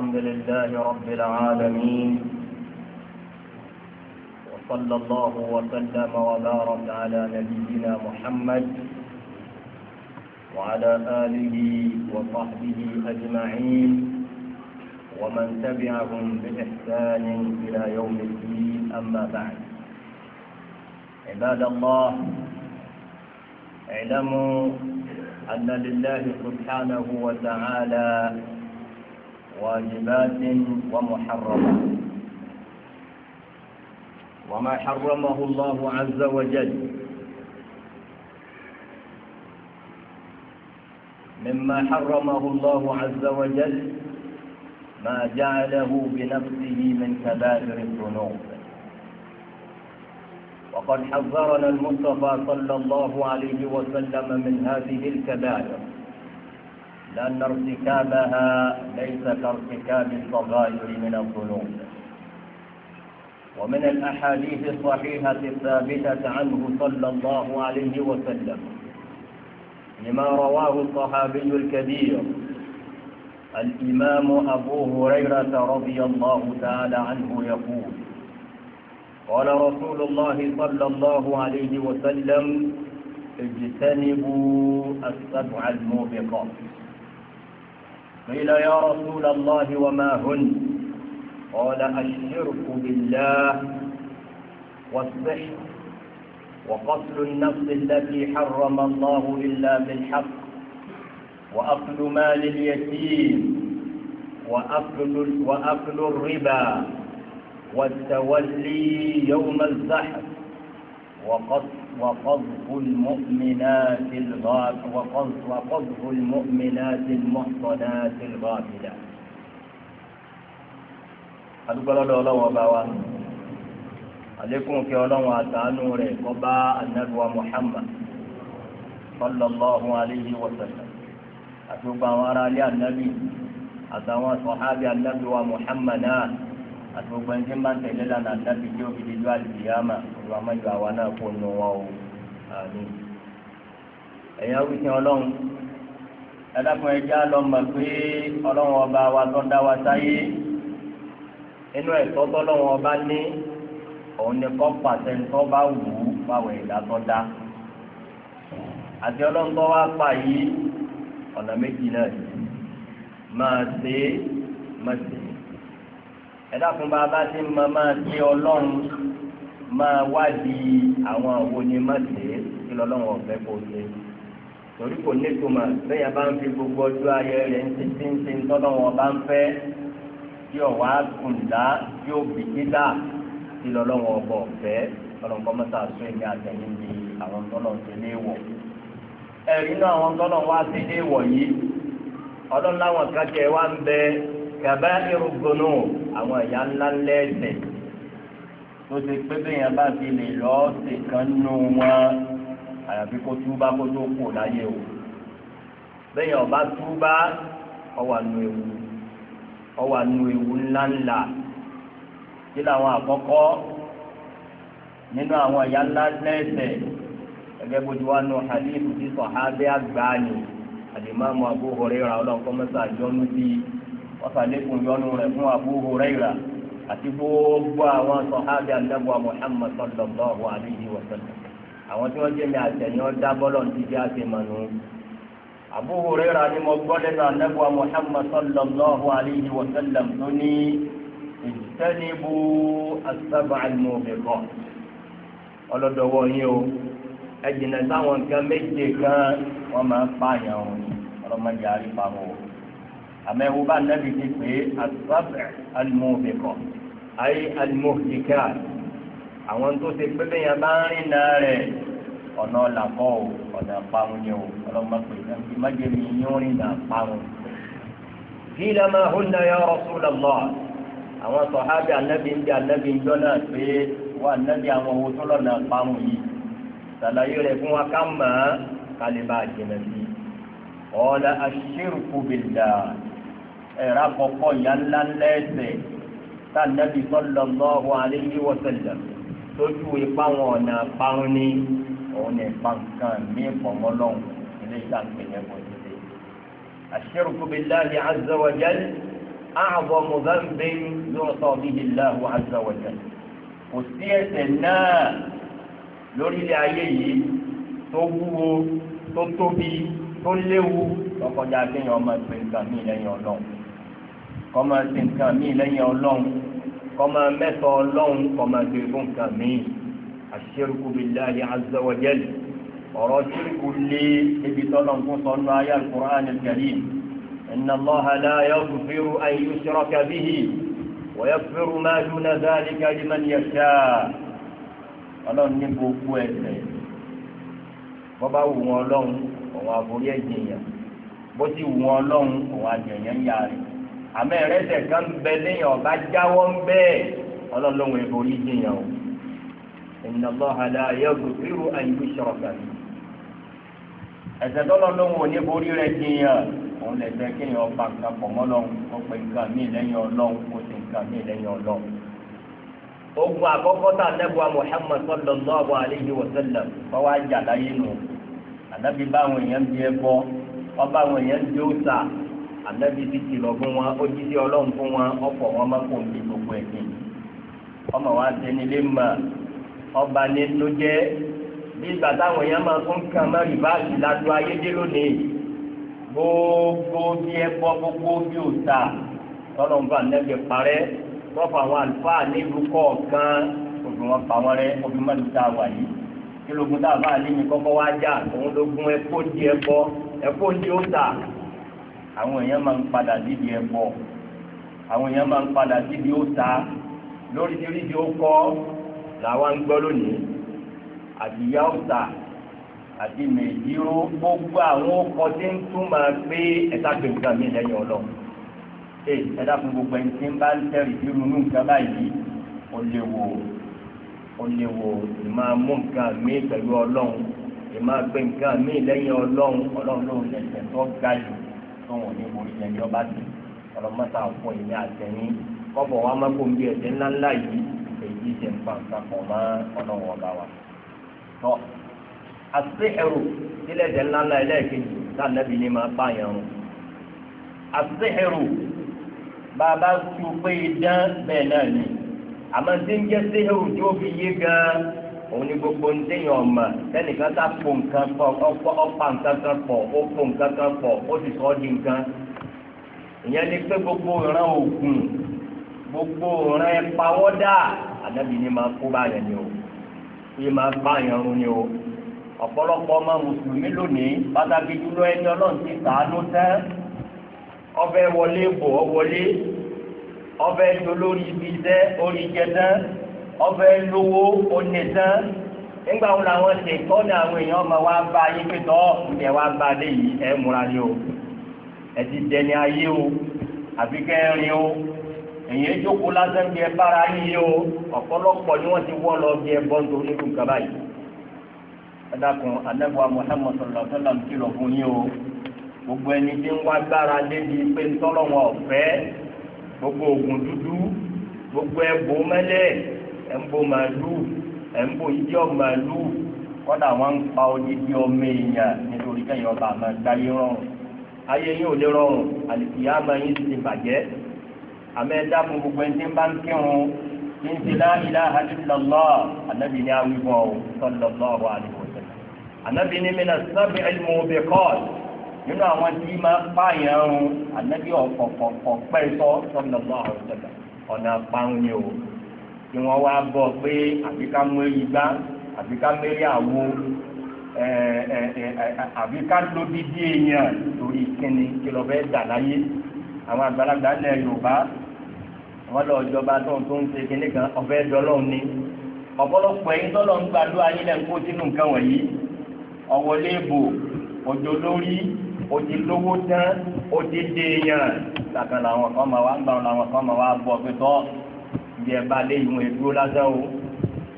الحمد لله رب العالمين وصلى الله وسلم وبارك على نبينا محمد وعلى آله وصحبه أجمعين ومن تبعهم بإحسان إلى يوم الدين أما بعد عباد الله اعلموا أن لله سبحانه وتعالى واجبات ومحرمات وما حرمه الله عز وجل مما حرمه الله عز وجل ما جعله بنفسه من كبائر الذنوب وقد حذرنا المصطفى صلى الله عليه وسلم من هذه الكبائر لأن ارتكابها ليس كارتكاب الصغائر من الذنوب ومن الأحاديث الصحيحة الثابتة عنه صلى الله عليه وسلم لما رواه الصحابي الكبير الإمام أبو هريرة رضي الله تعالى عنه يقول قال رسول الله صلى الله عليه وسلم اجتنبوا السبع الموبقات قيل يا رسول الله وما هن قال الشرك بالله والسحر وقتل النفس التي حرم الله إلا بالحق وأكل مال اليتيم وأكل, وأكل الربا والتولي يوم الزحف وقتل وقذف المؤمنات وقذف المؤمنات المحصنات الغافلات adúgbòlọ́dọ̀ ọlọ́wọ́ bá wa àlékún kí ọlọ́wọ́ àtàánú rẹ̀ kọ́ bá anabiwa muhammad sallallahu alayhi wa sallam àti gbogbo àwọn ará ilé anabi àtàwọn sọ̀hábì anabiwa muhammad náà àti gbogbo ẹni tí ń bá ń tẹ̀lé lánàá dábì tí ó fi di lọ́wọ́ àlùbíyàmà olùwà mẹ́jọ àwa náà kó nu wọn o àmì. ẹ̀yà wíṣọ ọlọ́run ẹ̀dàkùn ẹja lọ́mọ pé ọlọ́run ọba wa tó dá wa sáyé inú ẹ̀tọ́ tọ́lọ́run ọba ní òun ni kọ́ pàṣẹ tó bá wù ú fáwọn ẹ̀dá tó dá. àti ọlọ́run tó wá pa yìí ọ̀nà méjì náà máa ṣe é má ṣe é ẹ̀dá fún bàbá tí mo máa ṣe ọlọ́run máa wádìí àwọn àwo ni má ṣe é kí lọ́lọ́run ọ̀fẹ́ kò ṣe torí kò ní tòmà bẹ́ẹ̀ yẹn bá ń fi gbogbo ọjọ́ ayé rẹ̀ ń ṣe tí ń ṣe ń tọ́lọ́wọ́n bá ń fẹ́ tí ọ̀wá kùndà tí ó bì dídà tí lọ́lọ́wọ́n ọ̀bọ̀ ọ̀fẹ́ ọlọ́nkọ́ mọ́tà sún èmi àtẹ̀yìn ní àwọn tọ́lọ̀ ṣe léèwọ̀ ẹ̀rí náà àwọn tọ́lọ̀ wá sí léèwọ̀ yìí ọlọ́láwọ̀n kájẹ wá ń bẹ́ẹ́ kaba irugunu àwọn ẹ̀yà ńlá lẹ́sẹ̀ tó ti pé bẹ́ẹ̀ yẹn bá fi lè lọ́ọ́ sèkán nù wọn àyàfi kó túbá kó tó kù láyé o bẹ́ẹ̀ yẹn ọba túbá ọwà nù ewu ọwà nù ewu ńláńlá kí làwọn àkọ́kọ́ nínú àwọn ẹ̀yà ńlá lẹ́sẹ̀ gẹ́gẹ́ bó ti wá nù hadith ti sọ̀hábẹ́ àgbáyé àdèmọ́ àwọn Abu Hurairah ọlọ́kọ́ mẹ́ta jọ́nú bíi wasalekun yọnu rẹ fún Abu Huraira àti gbogbo àwọn sọ̀hábì anábọ̀ Muhammad sallallahu alayhi wa sallam àwọn tí wọ́n jẹ́ mi àtẹ̀yìn ọ̀dá bọ́lọ̀ ti di àtẹ̀mọ̀nù. Abu Huraira ni mo gbọ́ lẹ́nu anábọ̀ Muhammad sallallahu alayhi wa sallam tó ní ìtẹ́nibu asábà àlùmọ̀bẹ̀kọ. ọlọ́dọ̀wọ́ yín o ẹ̀jìnà sáwọn nǹkan méje kan wọ́n máa ń pààyàn òní ọlọ́mọdé àrífà wọn o àmẹ́wò bá nẹ́bí ti pé àtúbàbẹ̀ alimọ́bìkọ̀ ayé alimọ́bìkà àwọn tó ti pé bẹ́yà bá ń rìn náà rẹ̀ ọ̀nà làkọ́ o ọ̀nà parun ni o ọlọ́mọ pé nàbí májèmí yóò rìn náà parun. kí ló máa hó náà yọ Rasulullah àwọn sọ̀hábì ànábì ń bí ànábì ń jọ́ náà pé wà ànábì àwọn owó tó lọ́nà parun yìí sàlàyé rẹ̀ fún wa ká mọ̀ ká lè bá a jìnà sí i. ọ̀la aṣírùkù billah ẹ̀rá kọ̀kọ́ ìyá ńlá lẹ́sẹ̀ tá nàbí sallallahu alayhi wa sallam lójú ipa wọn ọ̀nà parun ní òun ní ipa nǹkan mí pọ̀mọ́ lọ́hùn ilé ìtàkùn yẹn kò ní ṣe. ash-shirku billahi azza wa jalla a'zamu dhanbin yu'ta kò sí ẹ̀ṣẹ̀ náà lórílẹ̀ ayé yìí tó wúwo tó tóbi tó léwu lọ́kọjá kéèyàn ọmọ ìpè nǹkan mí lẹ́yìn ọlọ́run kọ́ máa ṣe nǹkan míì lẹ́yìn ọlọ́run kọ́ máa mẹ́tọ́ ọlọ́run kọ́ máa gbé fún nǹkan míì àṣírùkù billahi azza wa jalla ọ̀rọ̀ ṣírùkù lé ibi tọ́lọ̀ fún sọ́nù ayé al-Qur'an al-Karim inna Allaha la yaghfiru an yushraka bihi wa yaghfiru ma duna dhalika liman yasha ọlọ́run ní gbogbo ẹ̀ṣẹ̀ bọ́bá wù wọn ọlọ́run òun àforí ẹ̀jẹ̀ yẹn bó ti wù wọn ọlọ́run òun àjẹ̀yẹ̀ ń yára àmọ́ ẹ̀rẹ́sẹ̀ kan bẹ lẹ́yìn ọba jáwọ́ ń bẹ́ẹ̀ ọlọ́lọ́wọ́ ẹ̀bọ orí jìyàn o inna Allaha la yaghfiru an yushraka bihi ẹ̀ṣẹ̀ tọ́lọ́lọ́wọ́ ní borí rẹ̀ jìyàn òun lè fẹ́ kí èèyàn pa nǹkan pọ̀ mọ́ lọ́hùn ó pe nǹkan míì lẹ́yìn ọlọ́hùn ó sì nǹkan míì lẹ́yìn ọlọ́hùn. ogun àkọ́kọ́ tá a nẹ́bùa Muhammad sallallahu ànábi ti kìlọ̀ fún wọn ó jí sí ọlọ́run fún wọn ọ̀pọ̀ wọn má kó ní gbogbo ẹ̀sìn ọmọ wa sẹni lé mà ọba ní ló jẹ́ bí ìgbà táwọn èèyàn máa tún kàn má rìbáàsì ládó ayédè lónìí gbogbo bí ẹbọ gbogbo bí òòtà tọ́lọ́run fún ànábi parẹ́ tọ́fà àwọn àlùfáà nílùú kọ̀ọ̀kan òfin wọn pa wọn rẹ òfin mọ́tò tá a wà yìí kílógún tá a bá a lé ní kọ́kọ́ wá já òun ló gún ẹ̀kọ́ di ẹ̀kọ́ ẹ̀kọ́ di ó àwọn èèyàn máa ń padà síbi ẹ̀bọ àwọn èèyàn máa ń padà síbi òòṣà lóríṣiríṣi ó kọ́ làwọn ń gbọ́ lónìí àti ìyá òòṣà àti mèjìrò gbogbo àwọn ọkọ̀ tí ń túmọ̀ pé ẹ̀ta tó nǹkan mi lẹ́yìn ọlọ́run ee ẹ̀dá fún gbogbo ẹni tí ń bá ń tẹ̀rì irú nù nǹkan báyìí ó léwu ó léwu ìmọ̀ mú nǹkan mi pẹ̀lú ọlọ́run ìmọ̀ pé nǹkan mi lẹ́yìn ọlọ́run ọlọ́run ló ń lẹ̀sẹ̀ tó ga jù tó wọn ní borí yẹn ní ọba tì ọlọmọta fún èmi àtẹyìn kọbọ wa má kó ń bí ẹsẹ ńláńlá yìí èyí ṣe ń pa nǹkan pọ̀ mọ́ ọlọ́wọ́ ọba wa. tọ́ àti ẹrù ilé ẹ̀jẹ̀ ńláńlá ẹlẹ́ẹ̀kejì sànẹ́bí ni máa bá yẹn rùn. àti ẹrù bàbá tó pé idán bẹ́ẹ̀ náà ni àmọ́ tí ń jẹ́ sí ẹrù tó fi yé gan-an. òun ni gbogbo ń téèyàn ọmọ tẹnìkan ká po nǹkan pọ̀ ọ̀pọ̀ ọ̀pá nǹkan kan pọ̀ ó po nǹkan di nǹkan ìyẹn ni pé gbogbo ìran òògùn gbogbo ìran ìpawọ́dà ni máa kó báyẹn ni o yìí máa bá yẹn ni o ọ̀pọ̀lọpọ̀ ọmọ mùsùlùmí lónìí pàtàkì jùlọ ẹni ọlọ́run ti sàánú tán ọbẹ̀ wọlé bò ọ wọlé ọbẹ̀ dolórí ibi ọbẹ̀ lówó onìtàn nígbà wọn làwọn ṣe tọ́ni àwọn èèyàn ọmọ wa bá yín pé tọ́ ǹjẹ́ wa bá dé yìí ẹ múra ni o ẹ ti dẹni ayé o àbí kẹrin o èyí jókòó lásán bí ẹ bára yín o ọ̀pọ̀lọpọ̀ ni wọ́n ti wọ́ lọ bí ẹ bọ́ nítorí nínú kaba yìí ẹ dákun anábọ̀ Muhammad sallallahu alaihi wasallam ti lọ fún yín o gbogbo ẹni tí ń wá gbára débi pé ń tọ́lọ̀ ọ̀fẹ́ gbogbo oògùn dúdú gbogbo ẹ̀bùn mẹ́lẹ́ẹ̀ ẹ̀ ń bo màálù ẹ̀ ń bo ìdíọ̀ màálù kọ́dà wọ́n ń pa odidi ọmọ èèyàn nítorí kẹ́yìn ọba àmọ́ dáyé rọrùn ayé yín ò lè rọrùn àlìkìyà máa yín ti bàjẹ́ àmọ́ ẹ dákun gbogbo ẹni tí ń bá ń kírun tí ń ti la ilaha illallah ànábì ní awíwọ́ o sallallahu alaihi ànábì ní mina sab'il mubiqat nínú àwọn tí máa pààyàn run ànábì ọ̀pọ̀pọ̀pọ̀ pẹ́ sọ sallallahu alaihi wasallam ọ̀nà àpáhùn kí wọ́n wá bọ̀ pé àbí ká mú èyí gbá àbí ká mẹ́rẹ́ àwo àbí ká ló bí bí èèyàn torí kíni kí lọ́ọ́ fẹ́ dà láyé àwọn àgbàlagbà ilẹ̀ Yorùbá àwọn lọ́ọ́ jọba tó ń tó ń ṣe kíní kan ọ̀fẹ́ dọ́lọ́ọ̀ ni ọ̀pọ̀lọpọ̀ ẹ̀yin tọ́lọ̀ ń gbàdúrà yín lẹ́nu kó sínú nǹkan wọ̀nyí ọ̀wọ́ léèbò òjò lórí òjì lówó tán òjì dèèyàn làkàn làwọn kan máa wá ń gbà làwọn kan máa wá bọ̀ pé bí ẹ bá lé ìwọ̀n ìdúró lásán o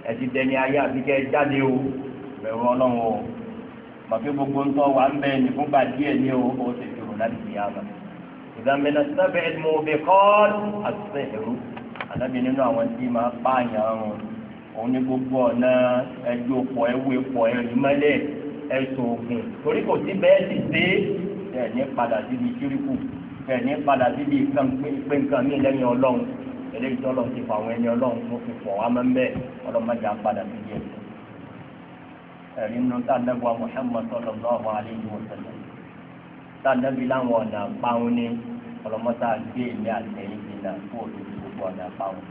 ẹ ti dẹni ayé àbíkẹ́ jáde o bẹ̀rù ọlọ́run o bàbá gbogbo ń tọ́ wa ń bẹ ní fúnpa díẹ̀ ní o ó ti dùrù láti fi yá ma ìdàmínà sábẹ́ ẹ̀dùnmọ̀ọ́bẹ̀ kọ́ọ̀lù àti sẹ́ẹ̀rù àdábì nínú àwọn tí máa pààyàn ọ̀run òun ní gbogbo ọ̀nà ẹjọ́ pọ̀ ẹwé pọ̀ ẹ̀rí mẹ́lẹ̀ ẹ̀sùn ògùn torí kò sí bẹ́ẹ̀ sì dé ẹ̀ ní padà síbi ṣíríkù ẹ̀ ní padà síbi pé nǹkan mí lẹ́yìn ọlọ́run eléyìí tó lọ sí fún àwọn ẹni ọlọ́run tó fi fọ̀ wá máa ń bẹ̀ ọlọ́mọdé apádà sí díẹ̀. ẹ̀rí nínú tàdébù Muhammad sallallahu alaihi wasallam tàdébù láwọn ọ̀nà àpáwọn ní ọlọ́mọdé àgbé ilé àtẹ̀yìn ìlà fún òtútù gbogbo ọ̀nà àpáwọn.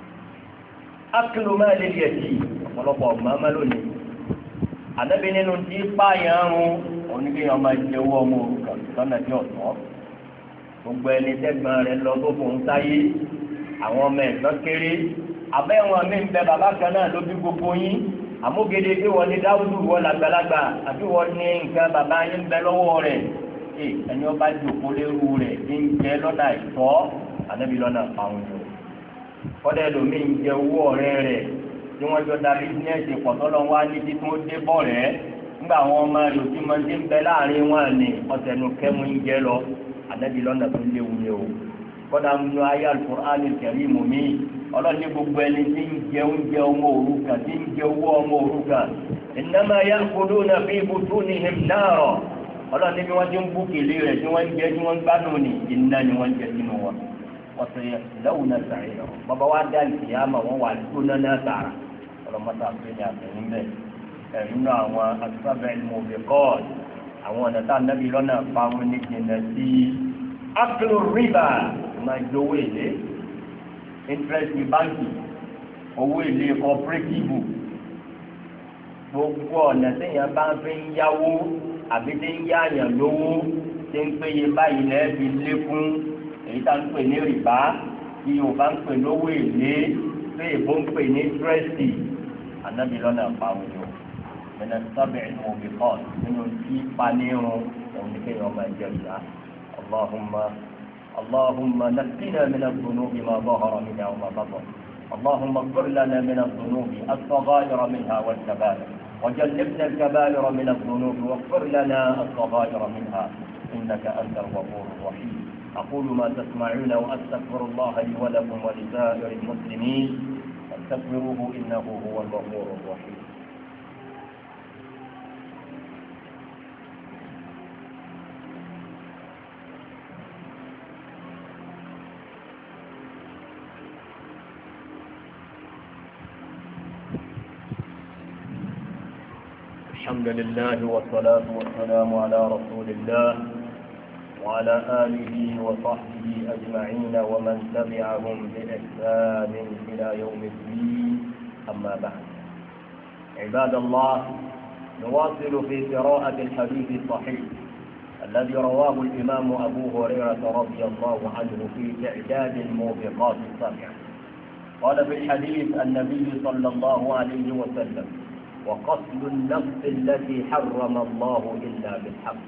akílù máa lè yẹ sí ọ̀pọ̀lọpọ̀ màmá lónìí. àdébù nínú tí pààyàn ọ̀hún oníkéèyàn máa jẹ owó ọmọ òrukàn lọ́nà àwọn ọmọ ẹ̀gbọ́n kéré abẹ́ wọn mi ń bẹ bàbá kan náà ló bí gbogbo yín àmúgede bí wọ́n ní dáwùdù wọ́n làgbàlagbà àbí wọ́n ní nǹkan bàbá yín ń bẹ lọ́wọ́ rẹ̀ ẹ ẹni ọba jòkó léwu rẹ̀ ní ń jẹ lọ́nà ìtọ́ ànábi lọ́nà àwọn ń jẹ owó ọ̀rẹ́ rẹ̀ tí kọ́dà ń lo ayé alukur'an kẹrí mu mi ọlọ́ni gbogbo ẹni tí ń jẹ oúnjẹ ọmọ òrukàn tí ń jẹ owó ọmọ òrukàn ìnáma ya kodo na fi ibùdó ni him náà ọlọ́ni bí wọ́n ti ń bú kìlì rẹ̀ tí wọ́n ń jẹ tí wọ́n ń gbádùn ni iná ni wọ́n ń sínú wọn ọ̀sẹ̀ lẹ́wù náà sàrẹ̀ lọ bàbá wa dá ìyáàmà wọn wà lóná náà sàrà ọlọ́mọta fún mi bẹ́ẹ̀ ẹ̀rí máa jẹ owó èlé interest ní báńkì owó èlé cooperative gbogbo ọ̀nà téèyàn bá ń fi ń yáwó àbí tí ń yáàyàn lówó tí ń péye báyìí lẹ́ẹ̀bi lékún èyí tá ń pè ní rìbá tí yorùbá ń pè lówó èlé pé èbó ń pè ní dírẹ́sì ànábì lọ́nà àpáwọn yòó mẹ́nà sábẹ̀ ní omi kọ́ọ̀tù nínú tí panírun òun ní kéèyàn máa jẹ ìyá Allahumma. اللهم نقنا من الذنوب ما ظهر منها وما بطن اللهم اغفر لنا من الذنوب الصغائر منها والكبائر وجنبنا الكبائر من الذنوب واغفر لنا الصغائر منها إنك أنت الغفور الرحيم أقول ما تسمعون وأستغفر الله لي ولكم ولسائر المسلمين فاستغفروه إنه هو الغفور الرحيم الحمد لله والصلاة والسلام على رسول الله وعلى آله وصحبه أجمعين ومن تبعهم بإحسان إلى يوم الدين أما بعد عباد الله نواصل في قراءة الحديث الصحيح الذي رواه الإمام أبو هريرة رضي الله عنه في إعداد الموبقات السبع قال في الحديث النبي صلى الله عليه وسلم وقتل النفس التي حرم الله إلا بالحق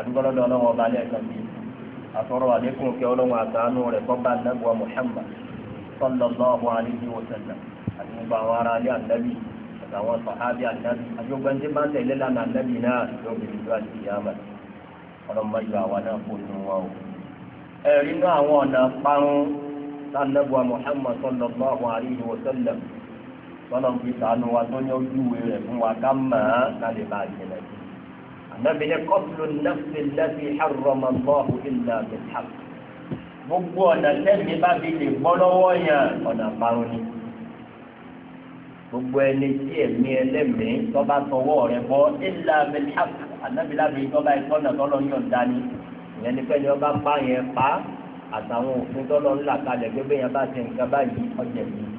adúgbọ́lọ́dọ̀ ọlọ́run ọba alẹ́ ẹ̀kan bíi àtọ́rọ̀ àlékún kí ọlọ́run àtàánú rẹ̀ kọ́ba anábùwà muhammad sallallahu alayhi wa sallam àti gbogbo àwọn ará alẹ́ ànábì àtàwọn sàhábì ànábì àjọgbẹ́ndé bá tẹ̀lé lánà ànábì náà yóò bèrè ìlú àti ìyáàmà ọlọ́mọ yọ àwa náà kó nù wọn o. ẹ̀rí náà àwọn ọ̀nà parun lánàbùwà muhammad sallallahu alayhi wa sallam tọ́lọ̀ ń fi sànù wa tó ní ojúwe rẹ̀ fún wa ká mọ̀ ọ́n lálẹ́ bá a jẹlẹ̀ bí. ànábi ní kọ́tùlù nàfẹ́ lẹ́bi àrọ̀mọ̀ bọ́ọ̀hù ìlà bẹ̀tà. gbogbo ọ̀nà tẹ́mi bá fi lè bọ́ lọ́wọ́ yẹn ọ̀nà parun ni. gbogbo ẹni tí ẹ̀mí ẹlẹ́mìí tọ́ba tọwọ́ rẹ̀ bọ́ ìlà bẹ̀tà ànábi lábi tọ́ba ìtọ́nà tọ́lọ́ ìyẹn ni pẹ́ni ọba pa yẹn pa àtàwọn òfin tọ́lọ́ ńlá kalẹ̀ gbẹ́gbẹ́ yẹn bá ti nǹkan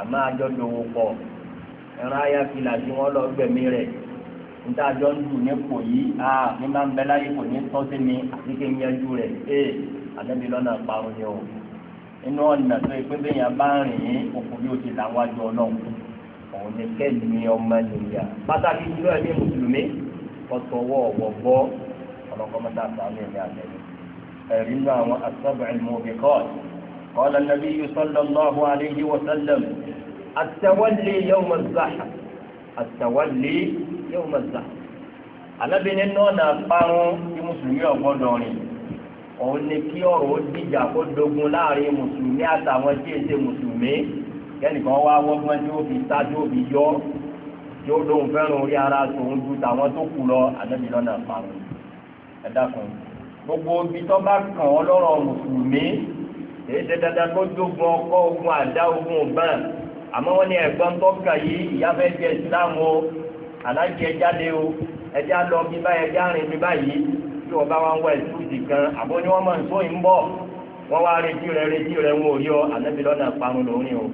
àmọ́ àjọ lòwò pọ̀ ẹran aya fìlà tí wọ́n lọ gbẹ̀mí rẹ̀ níta àjọ ń dùn ní kò a ní máa ń bẹ láyé kò ní tọ́ sí mi àti kí n yanjú rẹ̀ ee àlẹ́bí lọ́nà parun ni o inú ọ̀nà tó yẹ pé bẹ́yàn bá ń rìn yín òkú bí o ti là wájú ọlọ́run òun ni kẹ́ni ọmọ nìyà pàtàkì jùlọ ẹ̀mí mùsùlùmí ọ̀tọ̀wọ́ ọ̀wọ̀ bọ́ ọlọ́kọ́ ẹ̀mí àtẹ̀yìn ẹ̀rí nínú àwọn asọ́bìnrin mọ̀ọ́bì قال النبي صلى الله عليه وسلم التولي يوم الزحف التولي يوم الزحف alábìnrin náà na parun tí mùsùlùmí ọgbọ́dọ̀ rìn òun ni kí ọ̀rọ̀ ó dìjà kó dogun láàrin mùsùlùmí àtàwọn tí èsè mùsùlùmí kẹ́nìkan wá wọ́gbọ́n tí ó fi sá tí ó fi yọ tí ó lóun fẹ́ràn orí ara tòun ju tàwọn tó kù lọ alábìnrin náà parun ẹ dákun gbogbo ibi tó bá kàn ọ́ lọ́rọ̀ mùsùlùmí èyí ṣe dandan kó jogun ọkọ ogun àdá ogun ọ̀bàn àmọ́ wọ́n ní ẹ̀gbọ́n tó kà yìí ìyá fẹ́ islam o alájẹ jáde o ẹjẹ lọ bí báyìí ẹjẹ rìn bí báyìí tí wọ́n bá wá ń wá ìtúsì kan àbó ni wọ́n máa ń sóyìn bọ̀ wọ́n wá retí rẹ retí rẹ wọn ò rí ọ ànábi lọ́nà parun lórí o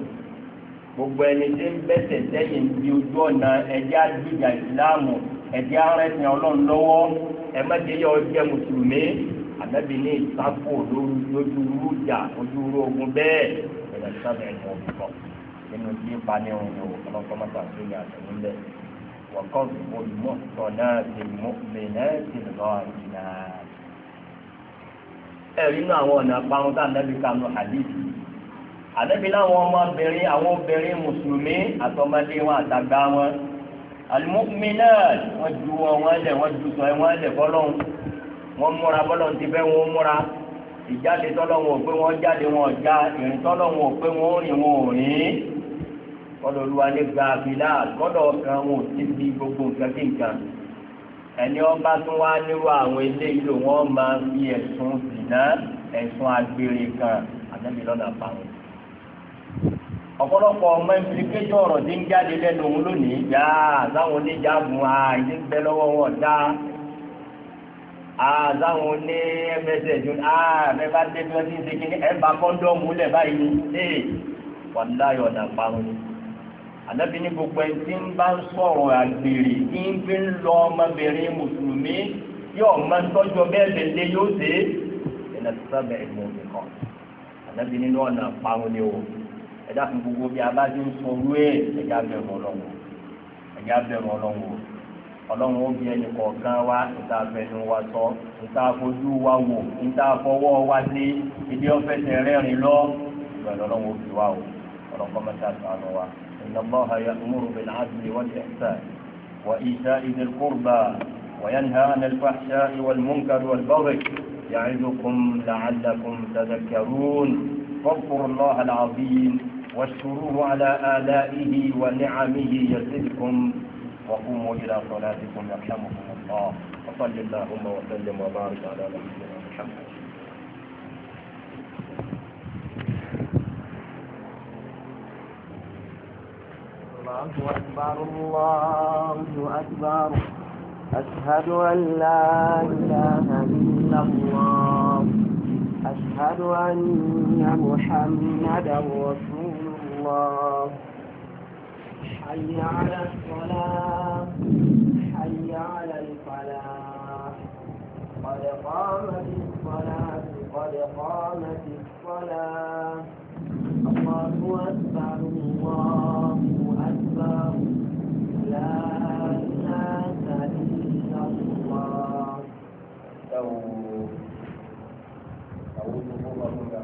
gbogbo ẹni tí ń bẹ́sẹ̀ sẹ́yìn bí ojú ọ̀nà ẹjẹ àdìjà ìsìláàmù ẹjẹ arẹ́sìn ọlọ́run lọ́wọ́ ẹ má jẹ́ yọ ọjẹ́ mùsùlùmí ànábì ní ìsáfò lójú rújà ojú rogun bẹ́ẹ̀ ẹ̀rọ sábẹ̀ ẹ̀mọ́ òbíkọ́ nínú tí ń pani ohun yòó ọlọ́kọ́mọ́tà tó ní àtẹ̀yìn ń bẹ̀. wọ́kọ́ olùmọ̀ sọ̀nà ti mú mẹ́nà ti lọ ìnà. ẹ̀rí inú àwọn ọ̀nà parun tá ànábì kanu hadithi ànábì láwọn ọmọbìnrin àwọn obìnrin mùsùlùmí àtọmọdé wọn àtàgbà wọn àlùmọ́kùnmí náà wọ́n ju wọn wọn lẹ̀ wọ́n ju sọ wọ́n múra bọ́lọ̀ ti fẹ́ wọn múra ìjáde tọ́lọ̀ wọn ò pé wọ́n jáde wọn ò já ìrìn tọ́lọ̀ wọn ò pé wọ́n rìn wọn ò rìn kọ́dọ̀ olúwa ní gbàgbìlá kọ́dọ̀ kan wọn ò ti di gbogbo nǹkan kí nǹkan ẹni ọba tún wá nírú àwọn eléyìí ló wọn máa fi ẹ̀sùn dìná ẹ̀sùn agbèrè kan àtẹ́bí lọ́nà pàrọ̀ ọ̀pọ̀lọpọ̀ ọmọ ìfilikẹ́jọ́ ọ̀rọ̀ tí ń jáde lẹ́nu òun lónìí yá àtàwọn oníjàmù àìsí ń wọn dá àtàwọn oní mẹsẹ̀ jù àmẹ́bá débi ọtí ń segin ní ẹ̀bà kọ́ńdọ́ọ̀mù báyìí ee wàláyọ̀ ọ̀nà parun ni. ànábi ní gbogbo ẹni tí ń bá ń sọ̀rọ̀ àgbèrè kí ń fi ń lọ ọmọbìnrin mùsùlùmí yóò máa tọ́jú bẹ́ẹ̀ lélẹ̀ yóò dé ẹ̀nà sábẹ̀ ẹ̀gbọ́n mi kan ànábi nínú ọ̀nà parun ni o ẹ̀dá fún gbogbo bí a ń sọ orú ẹ̀ ẹ̀yà bẹ̀rù ọlọ́wọ́ ẹ̀yà bẹ̀rù ọlọ́wọ́ ọlọ́run ó bí ẹnì kọ̀ọ̀kan wa níta fẹnu wa sọ níta fojú wa wò níta fọwọ́ wa sí ibi ofe te rẹ́rìn lọ ìgbàlọ́ ọlọ́run ó bí wa o ọlọ́run kọ́ mẹ́ta sànù wa inna Allaha ya'muru bil 'adli wal ihsan wa ita'i dhil qurba wa yanha 'anil fahsha'i wal munkari wal baghi يعظكم لعلكم تذكرون فاذكروا الله العظيم واشكروه على آلائه ونعمه يزدكم وقوموا إلى صلاتكم يرحمكم الله وصل اللهم وسلم وبارك على نبينا محمد الله أكبر الله أكبر أشهد أن لا إله إلا الله أشهد أن محمدا رسول الله حي على الصلاة حي على الفلاح قد قامت الصلاة قد قامت الصلاة الله أكبر الله أكبر لا إله إلا الله أو أعوذ بالله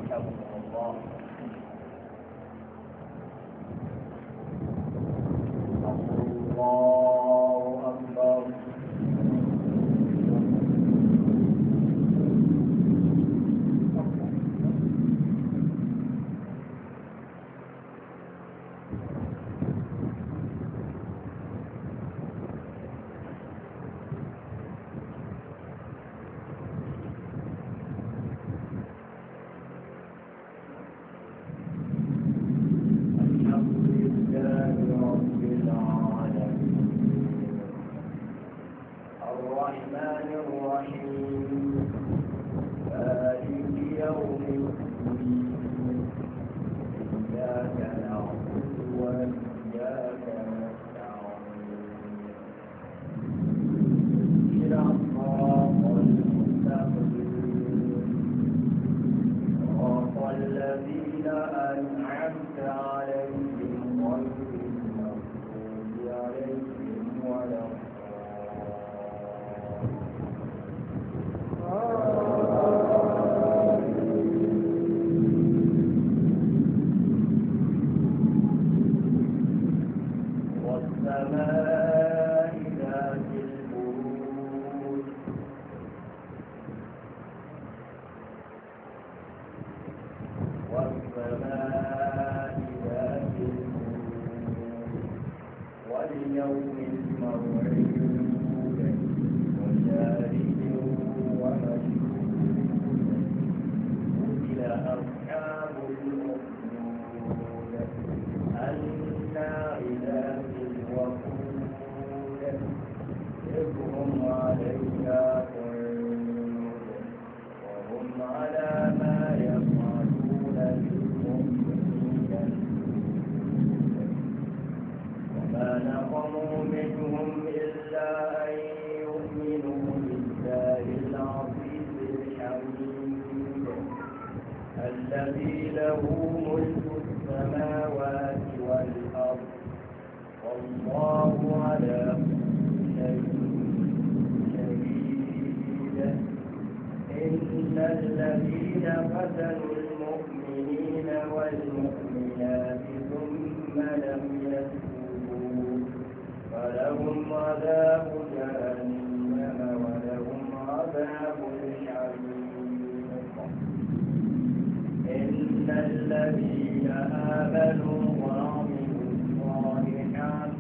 جهنم ولهم عذاب حليم الذين آمنوا وعملوا الصالحات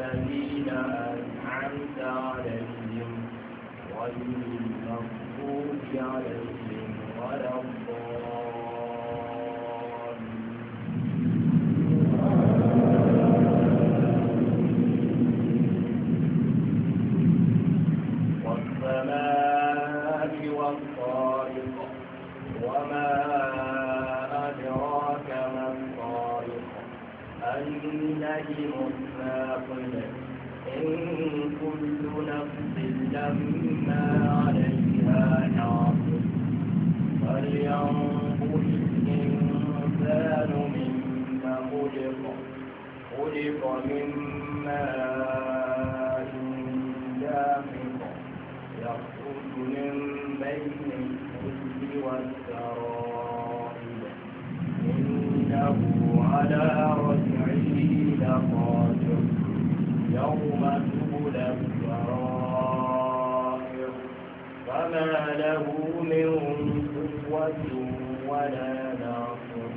الذين أنعمت عليهم غير المغضوب عليهم ولا نعصر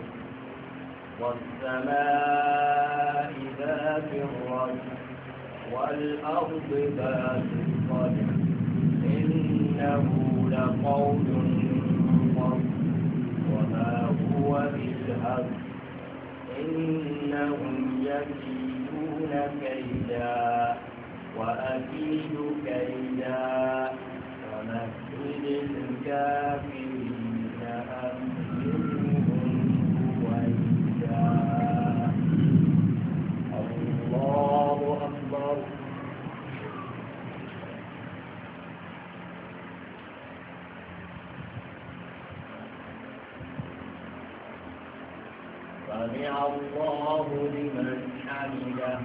والسماء ذات الرد والأرض ذات الصدع إنه لقول فصل وما هو بالهزل إنهم يكيدون كيدا وأكيد كيدا ومكيد الكافرين سمع الله لمن حمده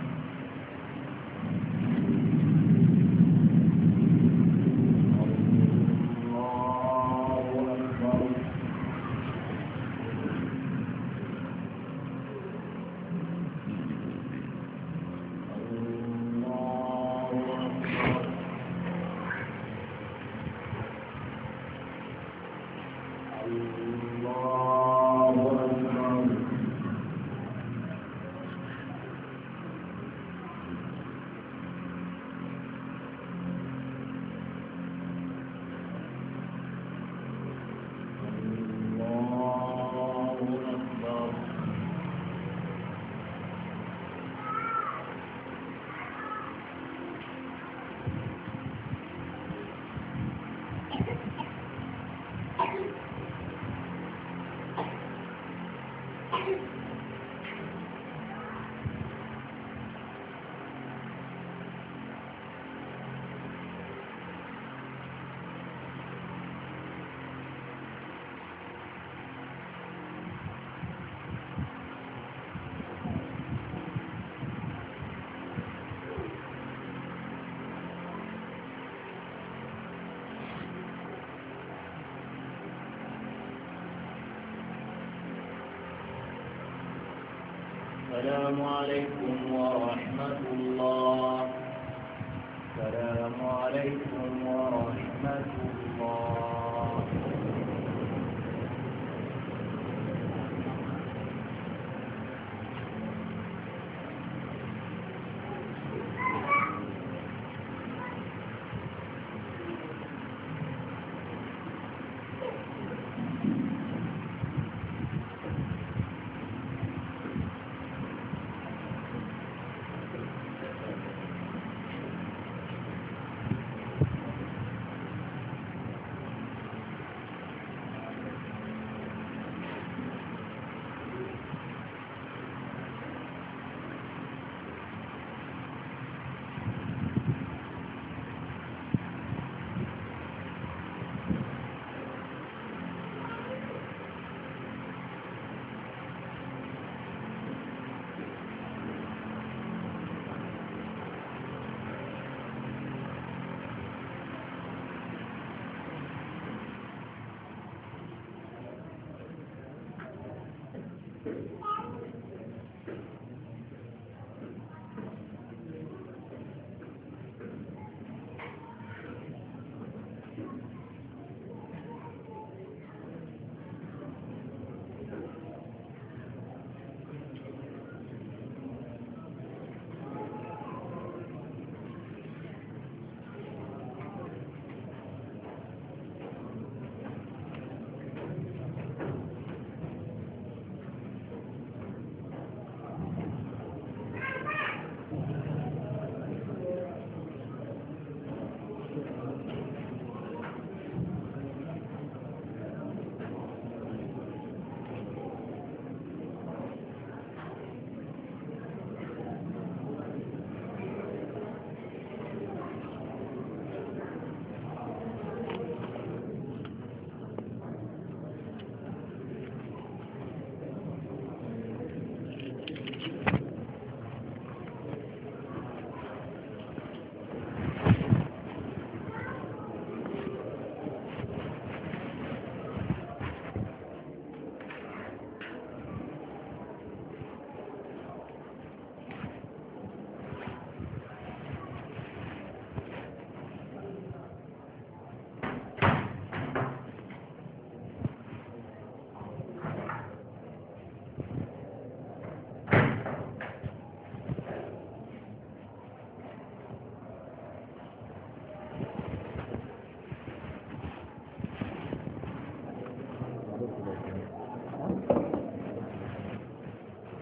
السلام عليكم ورحمة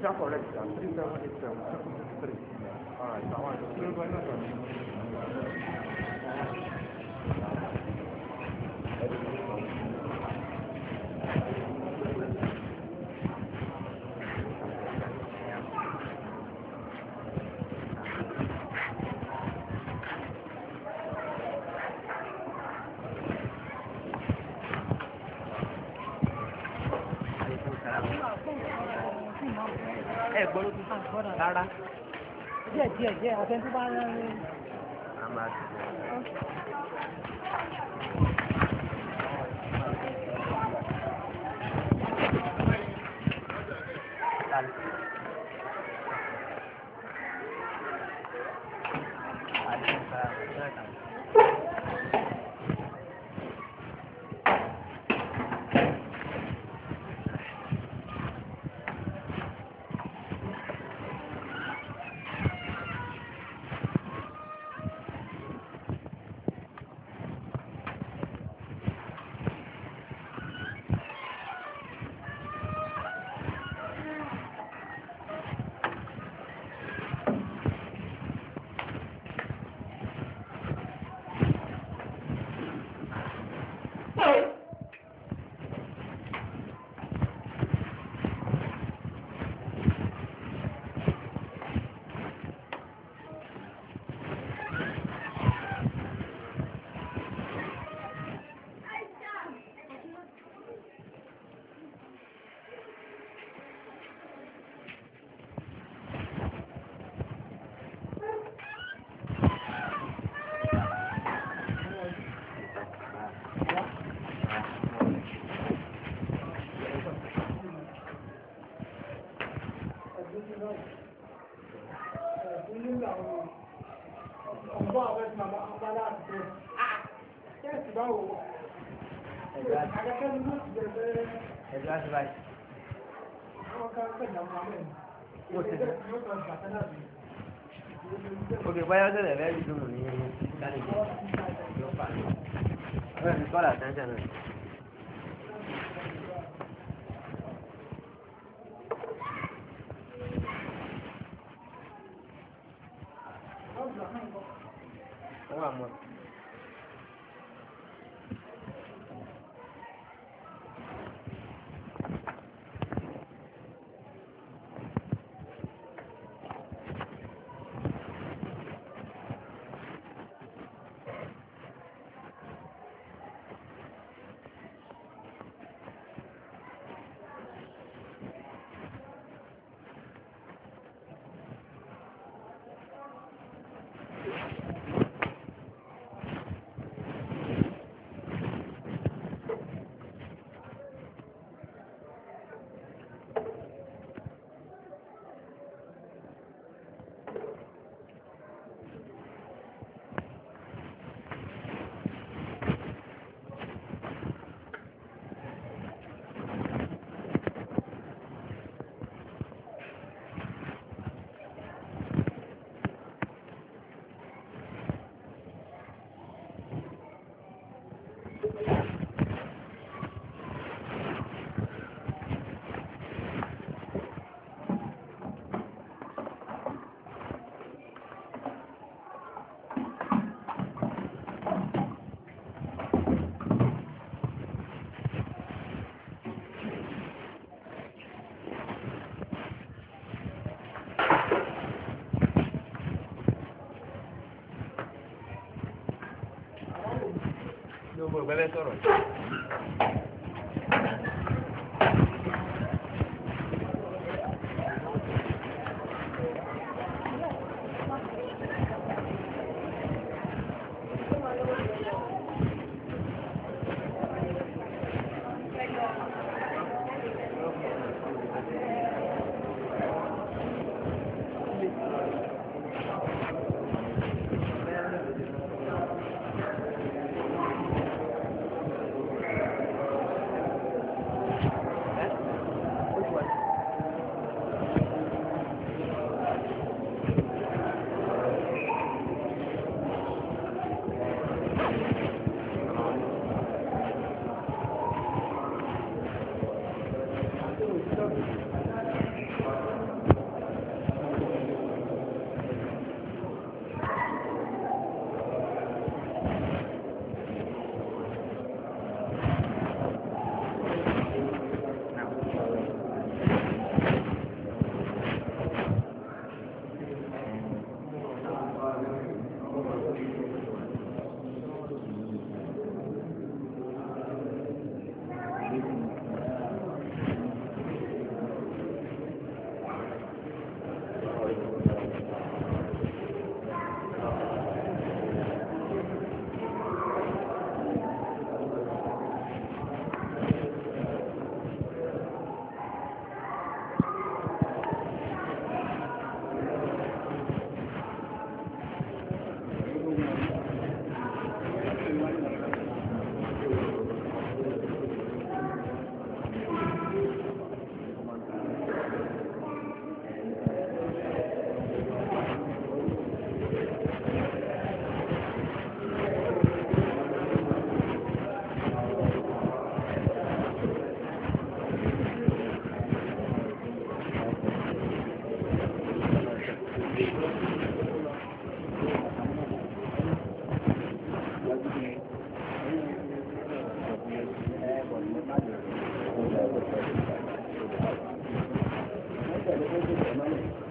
Just correct rárá díẹ̀ díẹ̀ díẹ̀ àtẹ́ntí bá rán ní. òkè báyọ̀ sẹ̀lẹ̀ rẹ̀ yìí dùn ní kálíkì yóò fà ní. ọ̀rẹ́ mi kọ́ là náà. gbẹgbẹ ọ̀rọ̀ ọ̀rọ̀